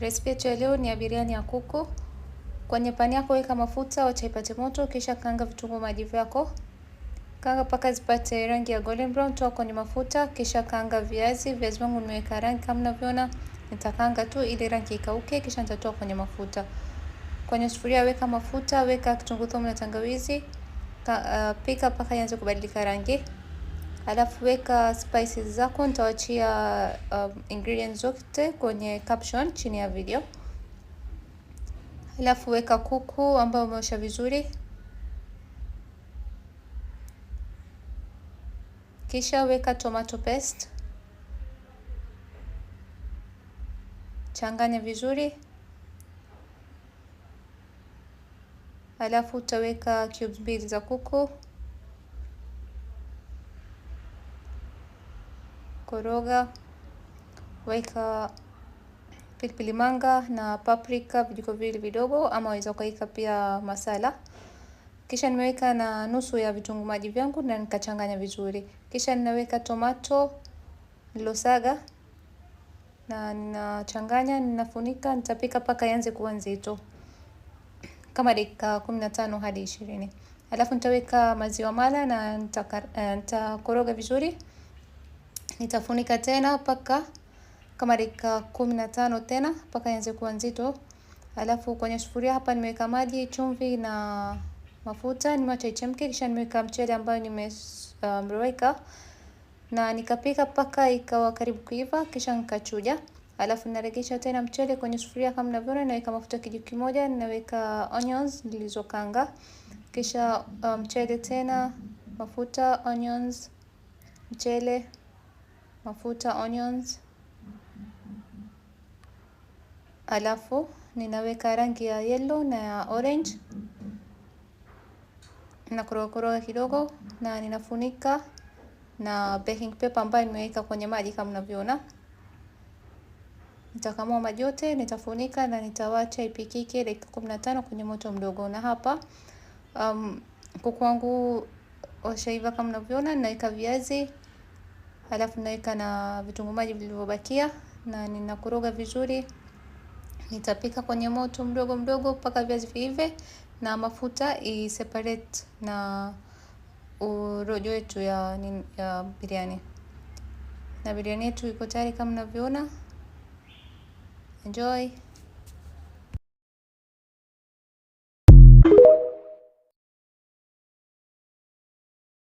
Resipi yetu ya leo ni ya biriani ya kuku. Kwenye pani yako weka mafuta, wacha ipate moto, kisha kanga vitunguu maji vyako. Kanga mpaka zipate rangi ya golden brown, toa kwenye mafuta, kisha kanga viazi. Viazi vyangu nimeweka rangi kama mnavyoona, nitakanga tu ili rangi ikauke, kisha nitatoa kwenye mafuta. Kwenye sufuria weka mafuta, weka kitunguu thomu na tangawizi, Ka, uh, pika mpaka ianze kubadilika rangi. Alafu weka spices zako, nitawachia uh, ingredients zote kwenye caption chini ya video. Alafu weka kuku ambao umeosha vizuri, kisha weka tomato paste, changanya vizuri. Alafu utaweka cubes mbili za kuku koroga, weka pilipili manga na paprika vijiko viwili vidogo, ama waweza ukaweka pia masala. Kisha nimeweka na nusu ya vitunguu maji vyangu na nikachanganya vizuri. Kisha ninaweka tomato nilosaga na ninachanganya, ninafunika, nitapika mpaka ianze kuwa nzito kama dakika kumi na tano hadi ishirini. Alafu nitaweka maziwa mala na nitakoroga eh, vizuri. Nitafunika tena mpaka kama dakika kumi na tano tena mpaka ianze kuwa nzito. Alafu kwenye sufuria hapa nimeweka maji, chumvi na mafuta, nimeacha ichemke, kisha nimeweka mchele ambayo nimeweka na nikapika mpaka ikawa karibu kuiva, kisha nikachuja. Alafu naregesha tena mchele kwenye sufuria kama mnavyoona, naweka mafuta kijiko kimoja, naweka onions nilizokanga, kisha um, mchele um, tena mafuta, onions, mchele mafuta onions, alafu ninaweka rangi ya yellow na ya orange na kurogakoroga kidogo, na ninafunika na baking paper ambayo nimeweka kwenye maji kama mnavyoona. Nitakamua maji yote, nitafunika na nitawacha ipikike dakika kumi na tano kwenye moto mdogo. Na hapa um, kuku wangu washaiva kama mnavyoona, ninaweka viazi Halafu naweka na vitunguu maji vilivyobakia na ninakoroga vizuri. Nitapika kwenye moto mdogo mdogo mpaka viazi viive na mafuta separate na urojo wetu ya, ya biriani. Na biriani yetu iko tayari kama mnavyoona. Enjoy.